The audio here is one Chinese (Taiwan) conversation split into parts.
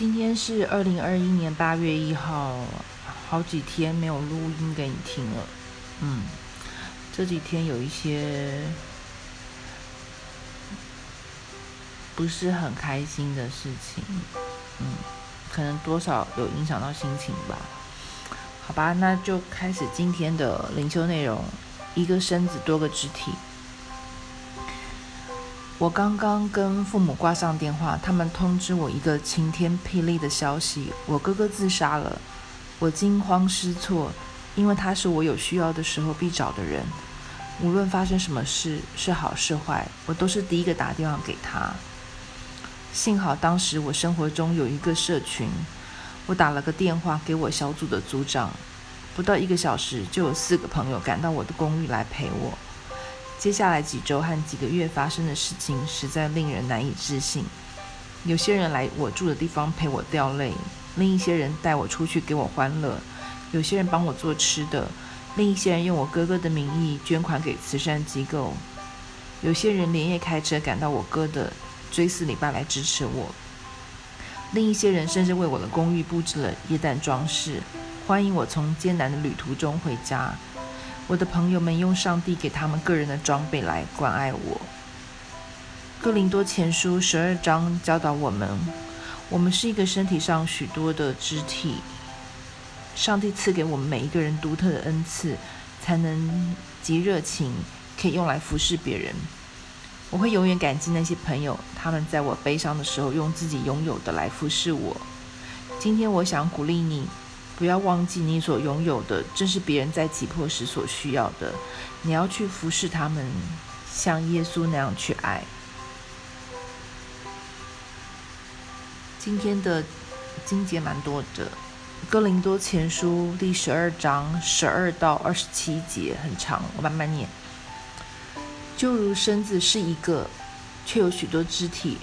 今天是二零二一年八月一號，好幾天沒有錄音給你聽了，嗯，這幾天有一些不是很開心的事情，嗯，可能多少有影響到心情吧，好吧，那就開始今天的靈修內容，一個身子，多個肢體。我剛剛跟父母掛上電話，他們通知我一個晴天霹靂的消息：我哥哥自殺了。我驚慌失措，因為他是我有需要的時候必找的人，無論發生什麼事，是好是壞，我都是第一個打電話給他。幸好當時我生活中有一個社群，我打了個電話給我小組的組長，不到一個小時，就有四個朋友趕到我的公寓來陪我。接下來幾周和幾個月發生的事情實在令人難以置信。有些人來我住的地方陪我掉淚，另一些人帶我出去給我歡樂；有些人幫我做吃的，另一些人用我哥哥的名義捐款給慈善機構；有些人連夜開車趕到我哥的追思禮拜來支持我；另一些人甚至為我的公寓布置了聖誕裝飾，歡迎我從艱難的旅途中回家。我的朋友們用上帝給他們各人的裝備來關愛我。哥林多前書十二章教導我們，我們是一個身體上許多的肢體。上帝賜給我們每一個人獨特的恩賜，才能及熱情可以用來服侍別人。我會永遠感激那些朋友，他們在我悲傷的時候用自己擁有的來服侍我。今天我想鼓勵你。不要忘記，你所擁有的正是別人在急迫時所需要的。你要去服侍他們，像耶穌那樣去愛。今天的經節蠻多的，《哥林多前書》第十二章十二到二十七節很長，我慢慢念。就如身子是一個，卻有許多肢體，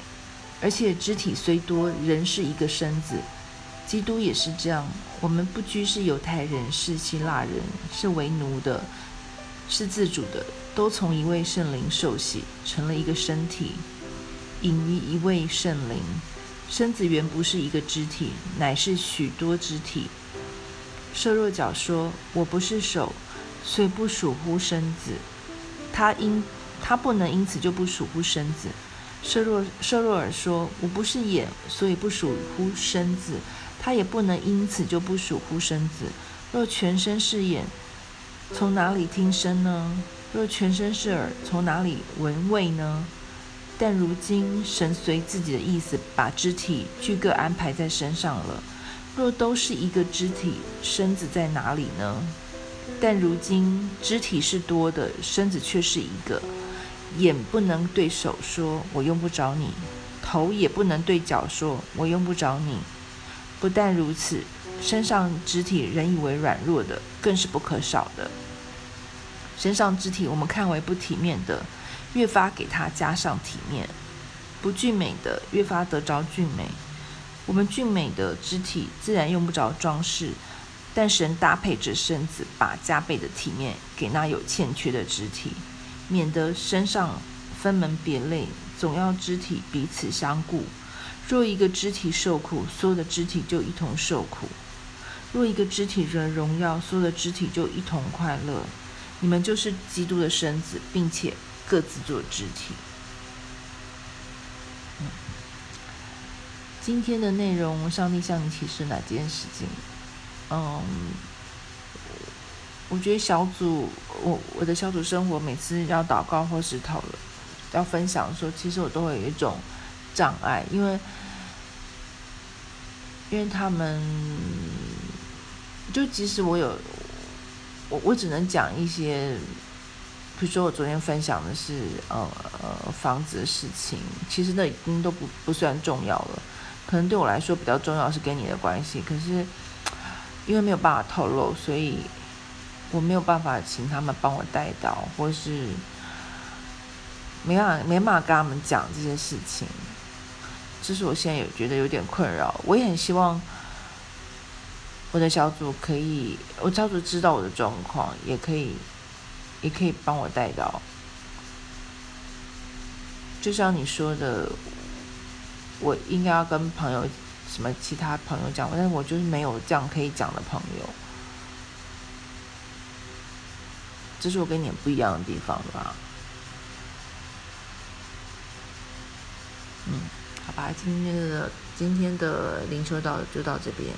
而且肢體雖多，仍是一個身子。基督也是這樣。我們不拘是猶太人，是希臘人，是為奴的，是自主的，都從一位聖靈受洗，成了一個身體，飲於一位聖靈。身子原不是一個肢體，乃是許多肢體。設若腳說：“我不是手，所以不屬乎身子。”他因他不能因此就不屬乎身子。設若設若耳說：“我不是眼，所以不屬乎身子。”他也不能因此就不屬乎身子。若全身是眼，從哪裡聽聲呢？若全身是耳，從哪裡聞味呢？但如今神隨自己的意思，把肢體俱各安排在身上了。若都是一個肢體，身子在哪裡呢？但如今肢體是多的，身子卻是一個。眼不能對手說：“我用不着你。”頭也不能對腳說：“我用不着你。”不但如此，身上肢體人以為軟弱的，更是不可少的。身上肢體我們看為不體面的，越發給它加上體面；不俊美的，越發得着俊美。我們俊美的肢體自然用不着裝飾，但神搭配着身子，把加倍的體面給那有欠缺的肢體，免得身上分門別類，總要肢體彼此相顧。若一個肢體受苦，所有的肢體就一同受苦；若一個肢體得榮耀，所有的肢體就一同快樂。你們就是基督的身子，並且各自做肢體。嗯，今天的內容，上帝向你提示哪件事情？嗯，我覺得小組，我我的小組生活，每次要禱告或是討論，要分享的時候，其實我都會有一種。障礙，因為因為他們就即使我有我我只能講一些，比如說我昨天分享的是呃呃房子的事情，其實那已經都不不算重要了。可能對我來說比較重要是跟你的關係，可是因為沒有辦法透露，所以我沒有辦法請他們幫我帶到，或是沒辦法沒辦法跟他們講這些事情。這是我現在也覺得有點困擾，我也很希望我的小組可以，我小組知道我的狀況，也可以，也可以幫我帶到。就像你說的，我應該要跟朋友，什麼其他朋友講，但是我就是沒有這樣可以講的朋友。這是我跟你們不一樣的地方吧？嗯。把今天的今天的靈修到就到這邊。